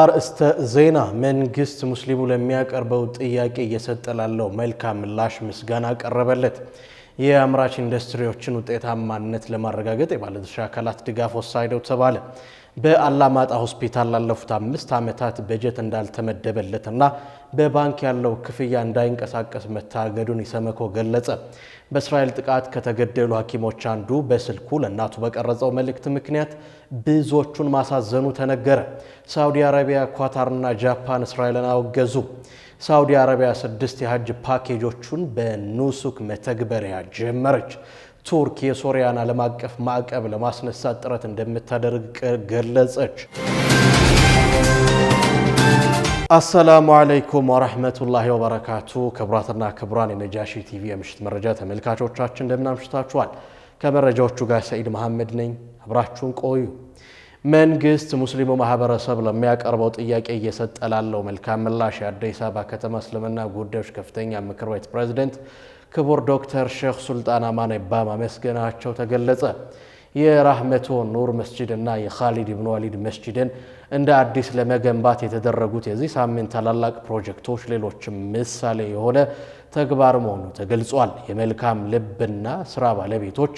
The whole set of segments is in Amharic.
አርእስተ ዜና። መንግስት ሙስሊሙ ለሚያቀርበው ጥያቄ እየሰጠ ላለው መልካም ምላሽ ምስጋና ቀረበለት። የአምራች ኢንዱስትሪዎችን ውጤታማነት ለማረጋገጥ የባለድርሻ አካላት ድጋፍ ወሳኝ ነው ተባለ። በአላማጣ ሆስፒታል ላለፉት አምስት ዓመታት በጀት እንዳልተመደበለትና በባንክ ያለው ክፍያ እንዳይንቀሳቀስ መታገዱን ኢሰመኮ ገለጸ። በእስራኤል ጥቃት ከተገደሉ ሐኪሞች አንዱ በስልኩ ለእናቱ በቀረጸው መልእክት ምክንያት ብዙዎቹን ማሳዘኑ ተነገረ። ሳውዲ አረቢያ፣ ኳታርና ጃፓን እስራኤልን አወገዙ። ሳውዲ አረቢያ ስድስት የሀጅ ፓኬጆቹን በኑሱክ መተግበሪያ ጀመረች። ቱርክ የሶሪያን ዓለም አቀፍ ማዕቀብ ለማስነሳት ጥረት እንደምታደርግ ገለጸች። አሰላሙ አለይኩም ወረህመቱላሂ ወበረካቱ። ክቡራትና ክቡራን የነጃሺ ቲቪ የምሽት መረጃ ተመልካቾቻችን እንደምናምሽታችኋል። ከመረጃዎቹ ጋር ሰኢድ መሐመድ ነኝ። አብራችሁን ቆዩ። መንግስት ሙስሊሙ ማህበረሰብ ለሚያቀርበው ጥያቄ እየሰጠ ላለው መልካም ምላሽ የአዲስ አበባ ከተማ እስልምና ጉዳዮች ከፍተኛ ምክር ቤት ፕሬዝደንት ክቡር ዶክተር ሼክ ሱልጣን አማን ኢባ ማመስገናቸው ተገለጸ። የራህመቶ ኑር መስጂድ እና የኻሊድ ኢብኑ ወሊድ መስጂድን እንደ አዲስ ለመገንባት የተደረጉት የዚህ ሳምንት ታላላቅ ፕሮጀክቶች ሌሎችም ምሳሌ የሆነ ተግባር መሆኑ ተገልጿል። የመልካም ልብና ስራ ባለቤቶች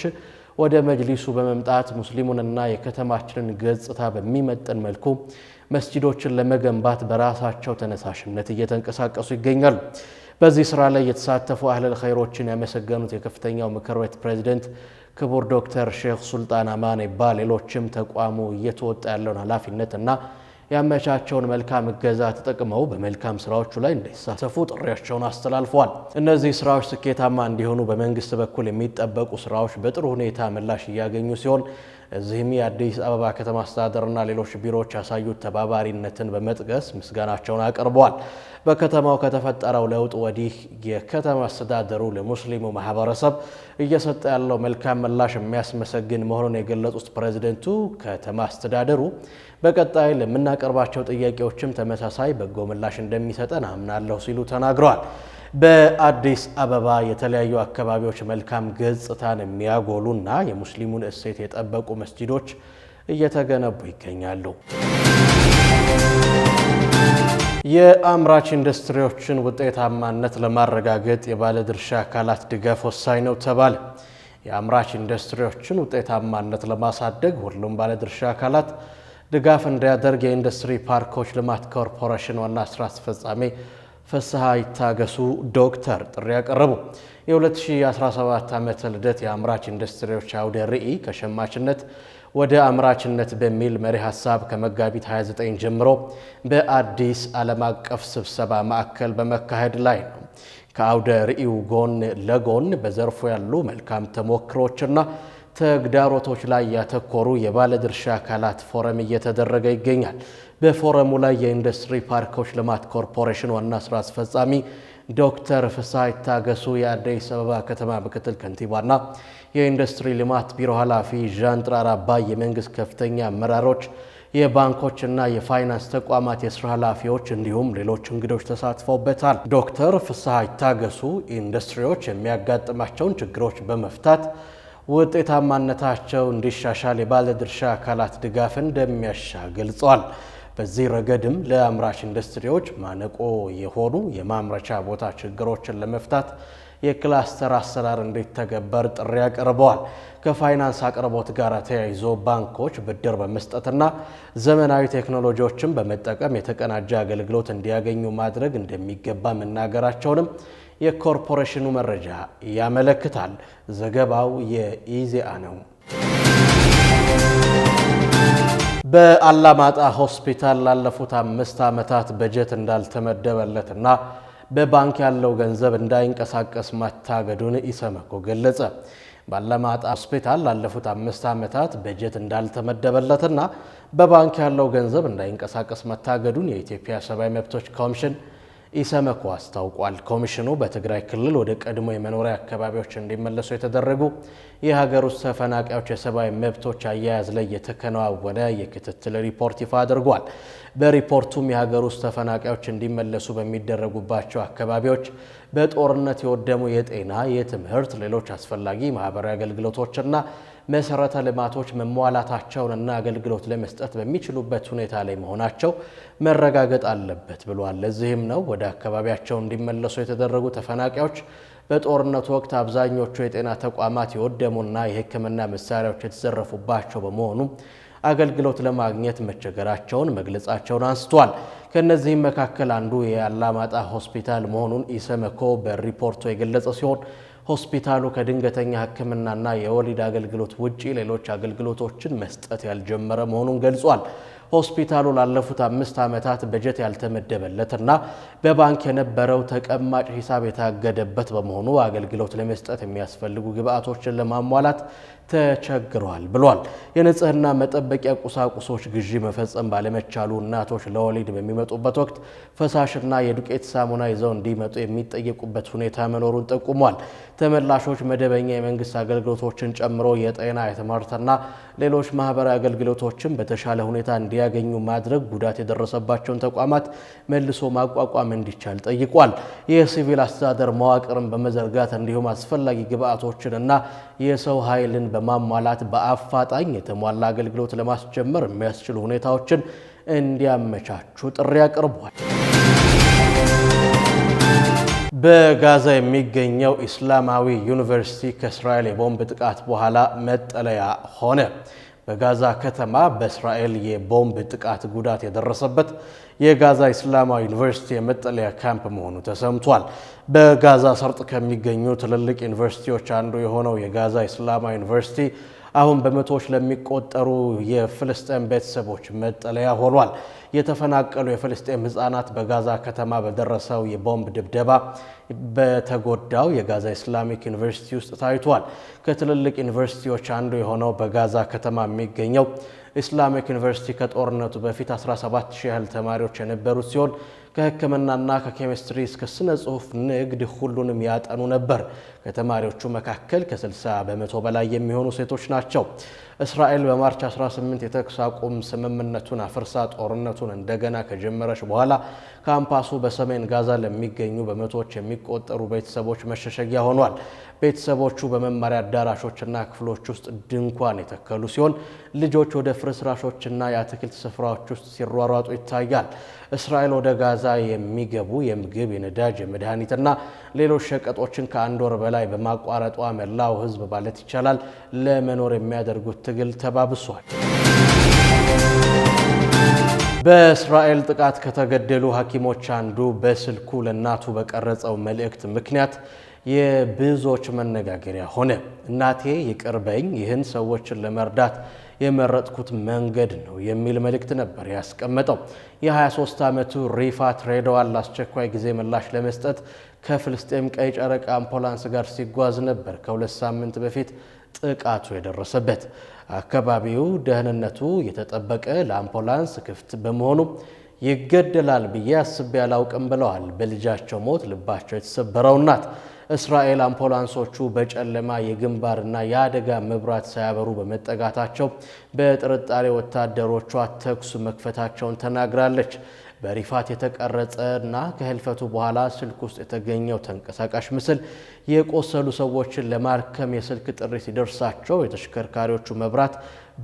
ወደ መጅሊሱ በመምጣት ሙስሊሙንና የከተማችንን ገጽታ በሚመጥን መልኩ መስጂዶችን ለመገንባት በራሳቸው ተነሳሽነት እየተንቀሳቀሱ ይገኛሉ። በዚህ ስራ ላይ የተሳተፉ አህለል ኸይሮችን ያመሰገኑት የከፍተኛው ምክር ቤት ፕሬዚደንት ክቡር ዶክተር ሼክ ሱልጣን አማን ይባል ሌሎችም ተቋሙ እየተወጣ ያለውን ኃላፊነት እና ያመቻቸውን መልካም እገዛ ተጠቅመው በመልካም ስራዎቹ ላይ እንዲሳተፉ ጥሪያቸውን አስተላልፈዋል። እነዚህ ስራዎች ስኬታማ እንዲሆኑ በመንግስት በኩል የሚጠበቁ ስራዎች በጥሩ ሁኔታ ምላሽ እያገኙ ሲሆን እዚህም የአዲስ አበባ ከተማ አስተዳደርና ሌሎች ቢሮዎች ያሳዩት ተባባሪነትን በመጥቀስ ምስጋናቸውን አቅርበዋል። በከተማው ከተፈጠረው ለውጥ ወዲህ የከተማ አስተዳደሩ ለሙስሊሙ ማህበረሰብ እየሰጠ ያለው መልካም ምላሽ የሚያስመሰግን መሆኑን የገለጹት ፕሬዚደንቱ ከተማ አስተዳደሩ በቀጣይ ለምናቀርባቸው ጥያቄዎችም ተመሳሳይ በጎ ምላሽ እንደሚሰጠን አምናለሁ ሲሉ ተናግረዋል። በአዲስ አበባ የተለያዩ አካባቢዎች መልካም ገጽታን የሚያጎሉና የሙስሊሙን እሴት የጠበቁ መስጂዶች እየተገነቡ ይገኛሉ። የአምራች ኢንዱስትሪዎችን ውጤታማነት ለማረጋገጥ የባለድርሻ አካላት ድጋፍ ወሳኝ ነው ተባለ። የአምራች ኢንዱስትሪዎችን ውጤታማነት ለማሳደግ ሁሉም ባለድርሻ አካላት ድጋፍ እንዲያደርግ የኢንዱስትሪ ፓርኮች ልማት ኮርፖሬሽን ዋና ስራ አስፈጻሜ ፍስሐ ይታገሱ ዶክተር ጥሪ ያቀረቡ። የ2017 ዓመተ ልደት የአምራች ኢንዱስትሪዎች አውደ ርዕይ ከሸማችነት ወደ አምራችነት በሚል መሪ ሀሳብ ከመጋቢት 29 ጀምሮ በአዲስ ዓለም አቀፍ ስብሰባ ማዕከል በመካሄድ ላይ ነው። ከአውደ ርዕዩ ጎን ለጎን በዘርፉ ያሉ መልካም ተሞክሮችና ተግዳሮቶች ላይ ያተኮሩ የባለድርሻ አካላት ፎረም እየተደረገ ይገኛል። በፎረሙ ላይ የኢንዱስትሪ ፓርኮች ልማት ኮርፖሬሽን ዋና ስራ አስፈጻሚ ዶክተር ፍስሐ ይታገሱ፣ የአዲስ አበባ ከተማ ምክትል ከንቲባና የኢንዱስትሪ ልማት ቢሮ ኃላፊ ዣን ጥራራ አባይ፣ የመንግስት ከፍተኛ አመራሮች፣ የባንኮችና የፋይናንስ ተቋማት የስራ ኃላፊዎች እንዲሁም ሌሎች እንግዶች ተሳትፈውበታል። ዶክተር ፍስሐ ይታገሱ ኢንዱስትሪዎች የሚያጋጥማቸውን ችግሮች በመፍታት ውጤታማነታቸው እንዲሻሻል የባለድርሻ አካላት ድጋፍ እንደሚያሻ ገልጸዋል። በዚህ ረገድም ለአምራች ኢንዱስትሪዎች ማነቆ የሆኑ የማምረቻ ቦታ ችግሮችን ለመፍታት የክላስተር አሰራር እንዲተገበር ጥሪ አቅርበዋል። ከፋይናንስ አቅርቦት ጋር ተያይዞ ባንኮች ብድር በመስጠትና ዘመናዊ ቴክኖሎጂዎችን በመጠቀም የተቀናጀ አገልግሎት እንዲያገኙ ማድረግ እንደሚገባ መናገራቸውንም የኮርፖሬሽኑ መረጃ ያመለክታል። ዘገባው የኢዜአ ነው። በአላማጣ ሆስፒታል ላለፉት አምስት ዓመታት በጀት እንዳልተመደበለትና በባንክ ያለው ገንዘብ እንዳይንቀሳቀስ መታገዱን ኢሰመኮ ገለጸ። ባለማጣ ሆስፒታል ላለፉት አምስት ዓመታት በጀት እንዳልተመደበለትና በባንክ ያለው ገንዘብ እንዳይንቀሳቀስ መታገዱን የኢትዮጵያ ሰብአዊ መብቶች ኮሚሽን ኢሰመኮ አስታውቋል። ኮሚሽኑ በትግራይ ክልል ወደ ቀድሞ የመኖሪያ አካባቢዎች እንዲመለሱ የተደረጉ የሀገር ውስጥ ተፈናቃዮች የሰብአዊ መብቶች አያያዝ ላይ የተከናወነ የክትትል ሪፖርት ይፋ አድርጓል። በሪፖርቱም የሀገር ውስጥ ተፈናቃዮች እንዲመለሱ በሚደረጉባቸው አካባቢዎች በጦርነት የወደሙ የጤና፣ የትምህርት፣ ሌሎች አስፈላጊ ማህበራዊ አገልግሎቶችና መሰረተ ልማቶች መሟላታቸውንና አገልግሎት ለመስጠት በሚችሉበት ሁኔታ ላይ መሆናቸው መረጋገጥ አለበት ብሏል። ለዚህም ነው ወደ አካባቢያቸው እንዲመለሱ የተደረጉ ተፈናቃዮች በጦርነቱ ወቅት አብዛኞቹ የጤና ተቋማት የወደሙና የሕክምና መሳሪያዎች የተዘረፉባቸው በመሆኑ አገልግሎት ለማግኘት መቸገራቸውን መግለጻቸውን አንስቷል። ከእነዚህም መካከል አንዱ የአላማጣ ሆስፒታል መሆኑን ኢሰመኮ በሪፖርቱ የገለጸ ሲሆን ሆስፒታሉ ከድንገተኛ ሕክምናና የወሊድ አገልግሎት ውጪ ሌሎች አገልግሎቶችን መስጠት ያልጀመረ መሆኑን ገልጿል። ሆስፒታሉ ላለፉት አምስት ዓመታት በጀት ያልተመደበለትና በባንክ የነበረው ተቀማጭ ሂሳብ የታገደበት በመሆኑ አገልግሎት ለመስጠት የሚያስፈልጉ ግብአቶችን ለማሟላት ተቸግሯል ብሏል። የንጽህና መጠበቂያ ቁሳቁሶች ግዢ መፈጸም ባለመቻሉ እናቶች ለወሊድ በሚመጡበት ወቅት ፈሳሽና የዱቄት ሳሙና ይዘው እንዲመጡ የሚጠየቁበት ሁኔታ መኖሩን ጠቁሟል። ተመላሾች መደበኛ የመንግስት አገልግሎቶችን ጨምሮ የጤና፣ የትምህርትና ሌሎች ማህበራዊ አገልግሎቶችን በተሻለ ሁኔታ እንዲያገኙ ማድረግ ጉዳት የደረሰባቸውን ተቋማት መልሶ ማቋቋም እንዲቻል ጠይቋል። የሲቪል አስተዳደር መዋቅርን በመዘርጋት እንዲሁም አስፈላጊ ግብዓቶችን እና የሰው ኃይልን በማሟላት በአፋጣኝ የተሟላ አገልግሎት ለማስጀመር የሚያስችሉ ሁኔታዎችን እንዲያመቻቹ ጥሪ አቅርቧል። በጋዛ የሚገኘው ኢስላማዊ ዩኒቨርሲቲ ከእስራኤል የቦምብ ጥቃት በኋላ መጠለያ ሆነ። በጋዛ ከተማ በእስራኤል የቦምብ ጥቃት ጉዳት የደረሰበት የጋዛ ኢስላማዊ ዩኒቨርሲቲ የመጠለያ ካምፕ መሆኑ ተሰምቷል። በጋዛ ሰርጥ ከሚገኙ ትልልቅ ዩኒቨርሲቲዎች አንዱ የሆነው የጋዛ ኢስላማዊ ዩኒቨርሲቲ አሁን በመቶዎች ለሚቆጠሩ የፍልስጤም ቤተሰቦች መጠለያ ሆኗል። የተፈናቀሉ የፍልስጤም ሕፃናት በጋዛ ከተማ በደረሰው የቦምብ ድብደባ በተጎዳው የጋዛ ኢስላሚክ ዩኒቨርሲቲ ውስጥ ታይቷል። ከትልልቅ ዩኒቨርሲቲዎች አንዱ የሆነው በጋዛ ከተማ የሚገኘው ኢስላሚክ ዩኒቨርሲቲ ከጦርነቱ በፊት 17 ሺህ ያህል ተማሪዎች የነበሩት ሲሆን ከሕክምናና ከኬሚስትሪ እስከ ስነ ጽሁፍ፣ ንግድ ሁሉንም ያጠኑ ነበር። ከተማሪዎቹ መካከል ከ60 በመቶ በላይ የሚሆኑ ሴቶች ናቸው። እስራኤል በማርች 18 የተኩስ አቁም ስምምነቱን አፍርሳ ጦርነቱን እንደገና ከጀመረች በኋላ ካምፓሱ በሰሜን ጋዛ ለሚገኙ በመቶዎች የሚቆጠሩ ቤተሰቦች መሸሸጊያ ሆኗል። ቤተሰቦቹ በመማሪያ አዳራሾችና ክፍሎች ውስጥ ድንኳን የተከሉ ሲሆን ልጆች ወደ ፍርስራሾችና የአትክልት ስፍራዎች ውስጥ ሲሯሯጡ ይታያል። እስራኤል ወደ ጋዛ የሚገቡ የምግብ፣ የነዳጅ፣ የመድኃኒትና ሌሎች ሸቀጦችን ከአንድ ወር በላይ በማቋረጧ መላው ሕዝብ ማለት ይቻላል ለመኖር የሚያደርጉት ትግል ተባብሷል። በእስራኤል ጥቃት ከተገደሉ ሐኪሞች አንዱ በስልኩ ለእናቱ በቀረጸው መልእክት ምክንያት የብዙዎች መነጋገሪያ ሆነ። እናቴ ይቅርበኝ፣ ይህን ሰዎችን ለመርዳት የመረጥኩት መንገድ ነው የሚል መልእክት ነበር ያስቀመጠው። የ23 ዓመቱ ሪፋት ሬዳዋል አስቸኳይ ጊዜ ምላሽ ለመስጠት ከፍልስጤም ቀይ ጨረቃ አምፖላንስ ጋር ሲጓዝ ነበር ከሁለት ሳምንት በፊት ጥቃቱ የደረሰበት አካባቢው ደህንነቱ የተጠበቀ ለአምቡላንስ ክፍት በመሆኑ ይገደላል ብዬ አስቤ አላውቅም ብለዋል። በልጃቸው ሞት ልባቸው የተሰበረው እናት እስራኤል አምቡላንሶቹ በጨለማ የግንባርና የአደጋ መብራት ሳያበሩ በመጠጋታቸው በጥርጣሬ ወታደሮቿ ተኩስ መክፈታቸውን ተናግራለች። በሪፋት የተቀረጸ እና ከህልፈቱ በኋላ ስልክ ውስጥ የተገኘው ተንቀሳቃሽ ምስል የቆሰሉ ሰዎችን ለማርከም የስልክ ጥሪ ሲደርሳቸው የተሽከርካሪዎቹ መብራት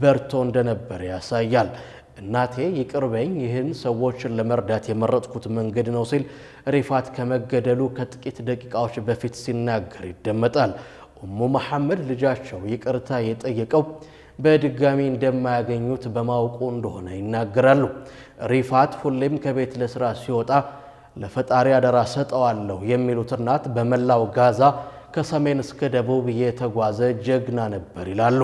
በርቶ እንደነበር ያሳያል። እናቴ ይቅርበኝ፣ ይህን ሰዎችን ለመርዳት የመረጥኩት መንገድ ነው ሲል ሪፋት ከመገደሉ ከጥቂት ደቂቃዎች በፊት ሲናገር ይደመጣል። ኡሙ መሐመድ ልጃቸው ይቅርታ የጠየቀው በድጋሚ እንደማያገኙት በማውቁ እንደሆነ ይናገራሉ። ሪፋት ሁሌም ከቤት ለስራ ሲወጣ ለፈጣሪ አደራ ሰጠዋለሁ የሚሉት እናት በመላው ጋዛ ከሰሜን እስከ ደቡብ የተጓዘ ጀግና ነበር ይላሉ።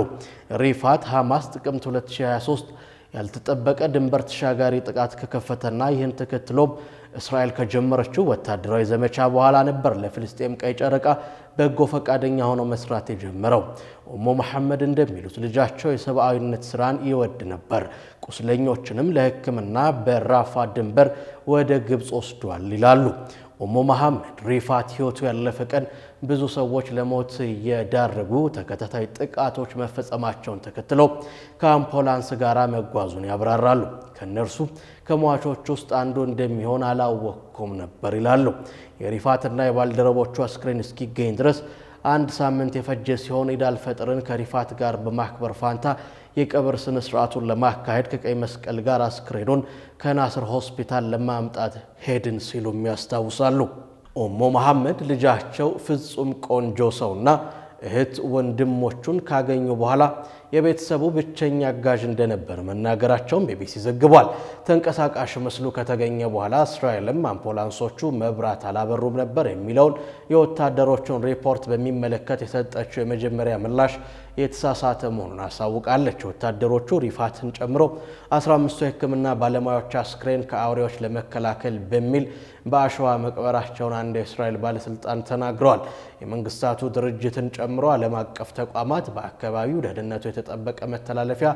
ሪፋት ሐማስ ጥቅምት 2023 ያልተጠበቀ ድንበር ተሻጋሪ ጥቃት ከከፈተና ይህን ተከትሎም እስራኤል ከጀመረችው ወታደራዊ ዘመቻ በኋላ ነበር ለፍልስጤም ቀይ ጨረቃ በጎ ፈቃደኛ ሆኖ መስራት የጀመረው። ኦሞ መሐመድ እንደሚሉት ልጃቸው የሰብአዊነት ስራን ይወድ ነበር። ቁስለኞችንም ለሕክምና በራፋ ድንበር ወደ ግብፅ ወስዷል ይላሉ። ኦሞ መሐመድ ሪፋት ህይወቱ ያለፈ ቀን ብዙ ሰዎች ለሞት የዳረጉ ተከታታይ ጥቃቶች መፈጸማቸውን ተከትሎ ከአምፖላንስ ጋር መጓዙን ያብራራሉ። ከእነርሱ ከሟቾች ውስጥ አንዱ እንደሚሆን አላወቅኩም ይጠቁም ነበር ይላሉ። የሪፋትና የባልደረቦቹ አስክሬን እስኪገኝ ድረስ አንድ ሳምንት የፈጀ ሲሆን ኢዳል ፈጥርን ከሪፋት ጋር በማክበር ፋንታ የቀብር ስነ ስርዓቱን ለማካሄድ ከቀይ መስቀል ጋር አስክሬኑን ከናስር ሆስፒታል ለማምጣት ሄድን ሲሉም ያስታውሳሉ። ኦሞ መሐመድ ልጃቸው ፍጹም ቆንጆ ሰውና እህት ወንድሞቹን ካገኙ በኋላ የቤተሰቡ ብቸኛ አጋዥ እንደነበር መናገራቸውም ኤቢሲ ዘግቧል። ተንቀሳቃሽ ምስሉ ከተገኘ በኋላ እስራኤልም አምቡላንሶቹ መብራት አላበሩም ነበር የሚለውን የወታደሮቹን ሪፖርት በሚመለከት የሰጠችው የመጀመሪያ ምላሽ የተሳሳተ መሆኑን አሳውቃለች። ወታደሮቹ ሪፋትን ጨምሮ 15ቱ የሕክምና ባለሙያዎች አስክሬን ከአውሬዎች ለመከላከል በሚል በአሸዋ መቅበራቸውን አንድ የእስራኤል ባለስልጣን ተናግረዋል። የመንግስታቱ ድርጅትን ጨምሮ ዓለም አቀፍ ተቋማት በአካባቢው ደህንነቱ የተጠበቀ መተላለፊያ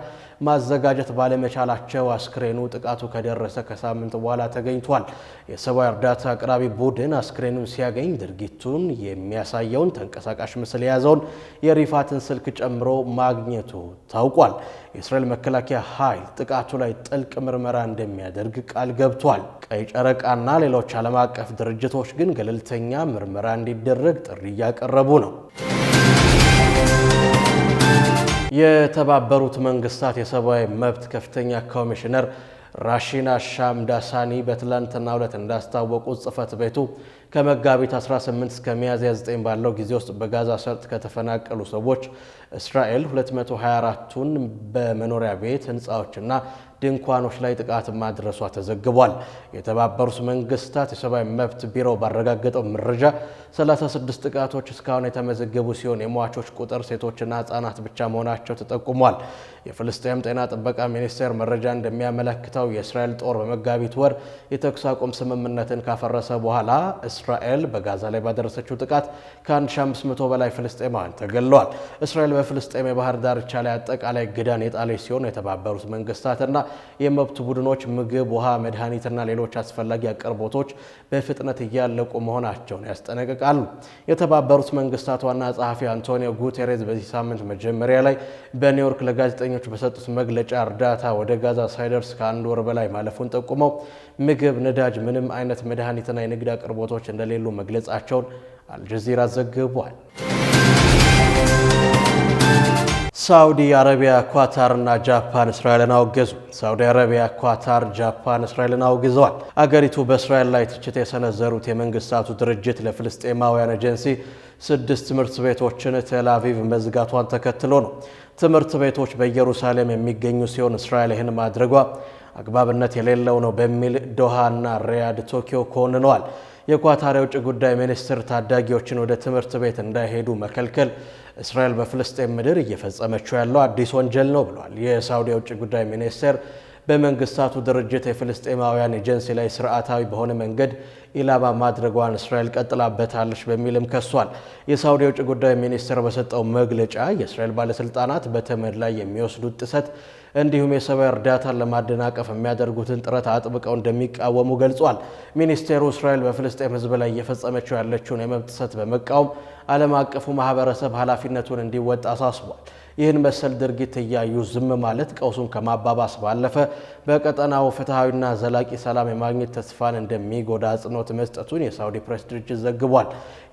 ማዘጋጀት ባለመቻላቸው አስክሬኑ ጥቃቱ ከደረሰ ከሳምንት በኋላ ተገኝቷል። የሰብአዊ እርዳታ አቅራቢ ቡድን አስክሬኑን ሲያገኝ ድርጊቱን የሚያሳየውን ተንቀሳቃሽ ምስል የያዘውን የሪፋትን ስልክ ጨምሮ ማግኘቱ ታውቋል። የእስራኤል መከላከያ ኃይል ጥቃቱ ላይ ጥልቅ ምርመራ እንደሚያደርግ ቃል ገብቷል። ቀይ ጨረቃና ሌሎች ዓለም አቀፍ ድርጅቶች ግን ገለልተኛ ምርመራ እንዲደረግ ጥሪ እያቀረቡ ነው። የተባበሩት መንግስታት የሰብአዊ መብት ከፍተኛ ኮሚሽነር ራሺና ሻምዳሳኒ በትላንትናው ዕለት እንዳስታወቁት ጽህፈት ቤቱ ከመጋቢት 18 እስከ ሚያዝያ 9 ባለው ጊዜ ውስጥ በጋዛ ሰርጥ ከተፈናቀሉ ሰዎች እስራኤል 224ቱን በመኖሪያ ቤት ህንፃዎችና ድንኳኖች ላይ ጥቃት ማድረሷ ተዘግቧል። የተባበሩት መንግስታት የሰብአዊ መብት ቢሮ ባረጋገጠው መረጃ 36 ጥቃቶች እስካሁን የተመዘገቡ ሲሆን የሟቾች ቁጥር ሴቶችና ህጻናት ብቻ መሆናቸው ተጠቁሟል። የፍልስጤም ጤና ጥበቃ ሚኒስቴር መረጃ እንደሚያመለክተው የእስራኤል ጦር በመጋቢት ወር የተኩስ አቁም ስምምነትን ካፈረሰ በኋላ እስራኤል በጋዛ ላይ ባደረሰችው ጥቃት ከ1500 በላይ ፍልስጤማውያን ተገለዋል። እስራኤል በፍልስጤም የባህር ዳርቻ ላይ አጠቃላይ ግዳን የጣለች ሲሆን የተባበሩት መንግስታትና የመብት ቡድኖች ምግብ፣ ውሃ፣ መድኃኒትና ሌሎች አስፈላጊ አቅርቦቶች በፍጥነት እያለቁ መሆናቸውን ያስጠነቅቃሉ። የተባበሩት መንግስታት ዋና ጸሐፊ አንቶኒዮ ጉቴሬዝ በዚህ ሳምንት መጀመሪያ ላይ በኒውዮርክ ለጋዜጠ ጋዜጠኞች በሰጡት መግለጫ እርዳታ ወደ ጋዛ ሳይደርስ ከአንድ ወር በላይ ማለፉን ጠቁመው ምግብ፣ ነዳጅ፣ ምንም አይነት መድኃኒትና የንግድ አቅርቦቶች እንደሌሉ መግለጻቸውን አልጀዚራ ዘግቧል። ሳውዲ አረቢያ ኳታርና ጃፓን እስራኤልን አወገዙ። ሳውዲ አረቢያ፣ ኳታር፣ ጃፓን እስራኤልን አውግዘዋል። አገሪቱ በእስራኤል ላይ ትችት የሰነዘሩት የመንግስታቱ ድርጅት ለፍልስጤማውያን ኤጀንሲ ስድስት ትምህርት ቤቶችን ቴል አቪቭ መዝጋቷን ተከትሎ ነው። ትምህርት ቤቶች በኢየሩሳሌም የሚገኙ ሲሆን እስራኤል ይህን ማድረጓ አግባብነት የሌለው ነው በሚል ዶሃና ሪያድ ቶኪዮ ኮንነዋል። የኳታር የውጭ ጉዳይ ሚኒስትር ታዳጊዎችን ወደ ትምህርት ቤት እንዳይሄዱ መከልከል እስራኤል በፍልስጤም ምድር እየፈጸመችው ያለው አዲስ ወንጀል ነው ብሏል። የሳውዲ የውጭ ጉዳይ ሚኒስቴር በመንግስታቱ ድርጅት የፍልስጤማውያን ኤጀንሲ ላይ ስርዓታዊ በሆነ መንገድ ኢላማ ማድረጓን እስራኤል ቀጥላበታለች በሚልም ከሷል። የሳውዲ የውጭ ጉዳይ ሚኒስቴር በሰጠው መግለጫ የእስራኤል ባለስልጣናት በተመድ ላይ የሚወስዱት ጥሰት እንዲሁም የሰብአዊ እርዳታን ለማደናቀፍ የሚያደርጉትን ጥረት አጥብቀው እንደሚቃወሙ ገልጿል። ሚኒስቴሩ እስራኤል በፍልስጤም ህዝብ ላይ እየፈጸመችው ያለችውን የመብት ጥሰት በመቃወም ዓለም አቀፉ ማህበረሰብ ኃላፊነቱን እንዲወጣ አሳስቧል። ይህን መሰል ድርጊት እያዩ ዝም ማለት ቀውሱን ከማባባስ ባለፈ በቀጠናው ፍትሐዊና ዘላቂ ሰላም የማግኘት ተስፋን እንደሚጎዳ አጽንኦት መስጠቱን የሳውዲ ፕሬስ ድርጅት ዘግቧል።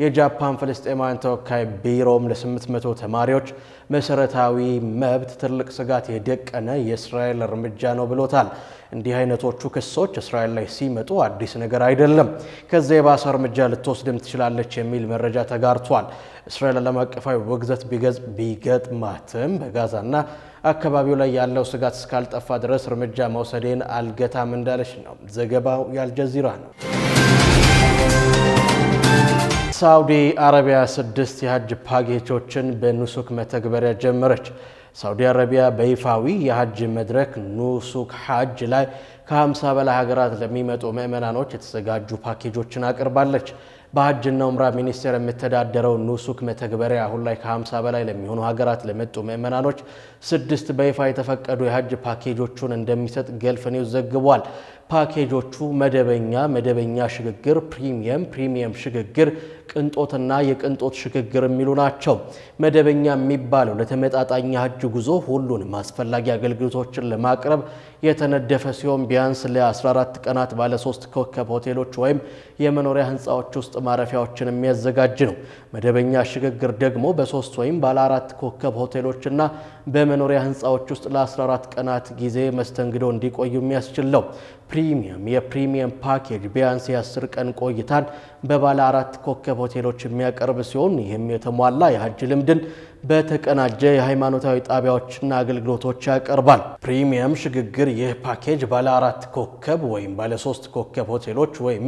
የጃፓን ፍልስጤማውያን ተወካይ ቢሮም ለ800 ተማሪዎች መሰረታዊ መብት ትልቅ ስጋት የደቀነ የእስራኤል እርምጃ ነው ብሎታል። እንዲህ አይነቶቹ ክሶች እስራኤል ላይ ሲመጡ አዲስ ነገር አይደለም። ከዚያ የባሰ እርምጃ ልትወስድም ትችላለች የሚል መረጃ ተጋርቷል። እስራኤል ዓለም አቀፋዊ ውግዘት ቢገጥማትም በጋዛና አካባቢው ላይ ያለው ስጋት እስካልጠፋ ድረስ እርምጃ መውሰዴን አልገታም እንዳለች ነው። ዘገባው የአልጀዚራ ነው። ሳውዲ አረቢያ ስድስት የሀጅ ፓኬጆችን በኑሱክ መተግበሪያ ጀመረች። ሳውዲ አረቢያ በይፋዊ የሐጅ መድረክ ኑሱክ ሐጅ ላይ ከ50 በላይ ሀገራት ለሚመጡ ምዕመናኖች የተዘጋጁ ፓኬጆችን አቅርባለች። በሐጅና ኡምራ ሚኒስቴር የምተዳደረው ኑሱክ መተግበሪያ አሁን ላይ ከ50 በላይ ለሚሆኑ ሀገራት ለመጡ ምዕመናኖች ስድስት በይፋ የተፈቀዱ የሐጅ ፓኬጆቹን እንደሚሰጥ ገልፍ ኒውስ ዘግቧል። ፓኬጆቹ መደበኛ፣ መደበኛ ሽግግር፣ ፕሪሚየም፣ ፕሪሚየም ሽግግር፣ ቅንጦትና የቅንጦት ሽግግር የሚሉ ናቸው። መደበኛ የሚባለው ለተመጣጣኝ ሀጅ ጉዞ ሁሉንም አስፈላጊ አገልግሎቶችን ለማቅረብ የተነደፈ ሲሆን ቢያንስ ለ14 ቀናት ባለ ሶስት ኮከብ ሆቴሎች ወይም የመኖሪያ ህንፃዎች ውስጥ ማረፊያዎችን የሚያዘጋጅ ነው። መደበኛ ሽግግር ደግሞ በሶስት ወይም ባለ አራት ኮከብ ሆቴሎችና በመኖሪያ ህንፃዎች ውስጥ ለ14 ቀናት ጊዜ መስተንግዶ እንዲቆዩ የሚያስችል ነው። ፕሪሚየም የፕሪሚየም ፓኬጅ ቢያንስ የ10 ቀን ቆይታን በባለ አራት ኮከብ ሆቴሎች የሚያቀርብ ሲሆን ይህም የተሟላ የሀጅ ልምድን በተቀናጀ የሃይማኖታዊ ጣቢያዎችና አገልግሎቶች ያቀርባል። ፕሪሚየም ሽግግር ይህ ፓኬጅ ባለ አራት ኮከብ ወይም ባለ ሶስት ኮከብ ሆቴሎች ወይም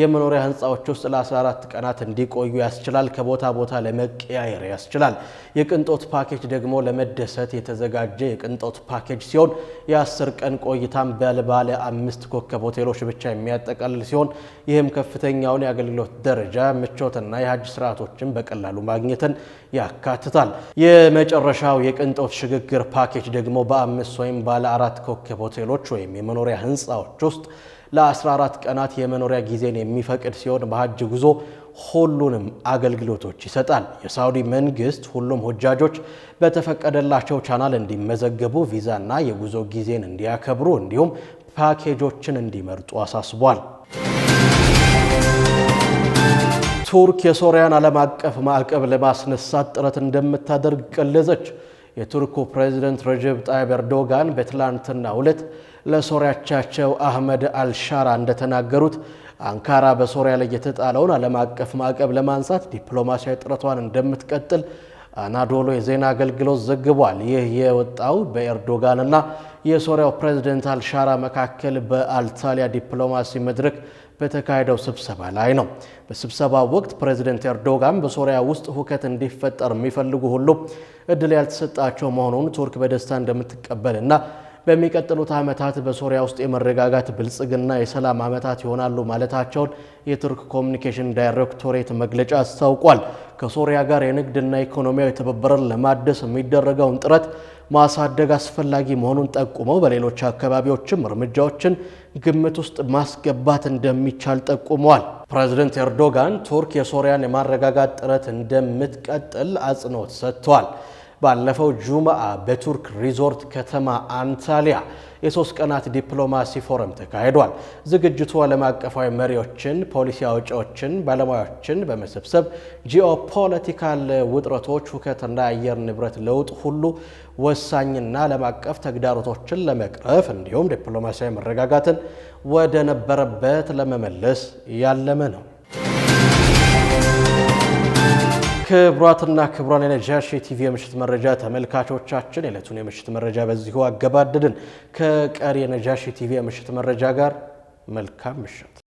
የመኖሪያ ህንፃዎች ውስጥ ለ14 ቀናት እንዲቆዩ ያስችላል። ከቦታ ቦታ ለመቀያየር ያስችላል። የቅንጦት ፓኬጅ ደግሞ ለመደሰት የተዘጋጀ የቅንጦት ፓኬጅ ሲሆን የአስር ቀን ቆይታም ባለ አምስት ኮከብ ሆቴሎች ብቻ የሚያጠቃልል ሲሆን ይህም ከፍተኛውን የአገልግሎት ደረጃ ምቾትና የሀጅ ስርዓቶችን በቀላሉ ማግኘትን ያካትታል። ይሆናል። የመጨረሻው የቅንጦት ሽግግር ፓኬጅ ደግሞ በአምስት ወይም ባለ አራት ኮከብ ሆቴሎች ወይም የመኖሪያ ህንፃዎች ውስጥ ለ14 ቀናት የመኖሪያ ጊዜን የሚፈቅድ ሲሆን በሀጅ ጉዞ ሁሉንም አገልግሎቶች ይሰጣል። የሳውዲ መንግስት ሁሉም ሆጃጆች በተፈቀደላቸው ቻናል እንዲመዘገቡ ቪዛና የጉዞ ጊዜን እንዲያከብሩ እንዲሁም ፓኬጆችን እንዲመርጡ አሳስቧል። ቱርክ የሶሪያን ዓለም አቀፍ ማዕቀብ ለማስነሳት ጥረት እንደምታደርግ ገለጸች። የቱርኩ ፕሬዚደንት ረጀብ ጣይብ ኤርዶጋን በትላንትናው ዕለት ለሶሪያቻቸው አህመድ አልሻራ እንደተናገሩት አንካራ በሶሪያ ላይ የተጣለውን ዓለም አቀፍ ማዕቀብ ለማንሳት ዲፕሎማሲያዊ ጥረቷን እንደምትቀጥል አናዶሎ የዜና አገልግሎት ዘግቧል። ይህ የወጣው በኤርዶጋንና የሶሪያው ፕሬዚደንት አልሻራ መካከል በአልታሊያ ዲፕሎማሲ መድረክ በተካሄደው ስብሰባ ላይ ነው። በስብሰባው ወቅት ፕሬዚደንት ኤርዶጋን በሶሪያ ውስጥ ሁከት እንዲፈጠር የሚፈልጉ ሁሉ እድል ያልተሰጣቸው መሆኑን ቱርክ በደስታ እንደምትቀበል እና በሚቀጥሉት ዓመታት በሶሪያ ውስጥ የመረጋጋት ብልጽግና የሰላም ዓመታት ይሆናሉ ማለታቸውን የቱርክ ኮሚኒኬሽን ዳይሬክቶሬት መግለጫ አስታውቋል። ከሶሪያ ጋር የንግድና ኢኮኖሚያዊ ትብብርን ለማደስ የሚደረገውን ጥረት ማሳደግ አስፈላጊ መሆኑን ጠቁመው በሌሎች አካባቢዎችም እርምጃዎችን ግምት ውስጥ ማስገባት እንደሚቻል ጠቁመዋል። ፕሬዚደንት ኤርዶጋን ቱርክ የሶሪያን የማረጋጋት ጥረት እንደምትቀጥል አጽንኦት ሰጥተዋል። ባለፈው ጁምአ በቱርክ ሪዞርት ከተማ አንታሊያ የሶስት ቀናት ዲፕሎማሲ ፎረም ተካሂዷል። ዝግጅቱ ዓለም አቀፋዊ መሪዎችን፣ ፖሊሲ አውጪዎችን፣ ባለሙያዎችን በመሰብሰብ ጂኦፖለቲካል ውጥረቶች፣ ሁከትና የአየር ንብረት ለውጥ ሁሉ ወሳኝና ዓለም አቀፍ ተግዳሮቶችን ለመቅረፍ እንዲሁም ዲፕሎማሲያዊ መረጋጋትን ወደ ነበረበት ለመመለስ ያለመ ነው። ክቡራትና ክቡራን የነጃሺ ቲቪ የምሽት መረጃ ተመልካቾቻችን የዕለቱን የምሽት መረጃ በዚሁ አገባደድን። ከቀሪ የነጃሺ ቲቪ የምሽት መረጃ ጋር መልካም ምሽት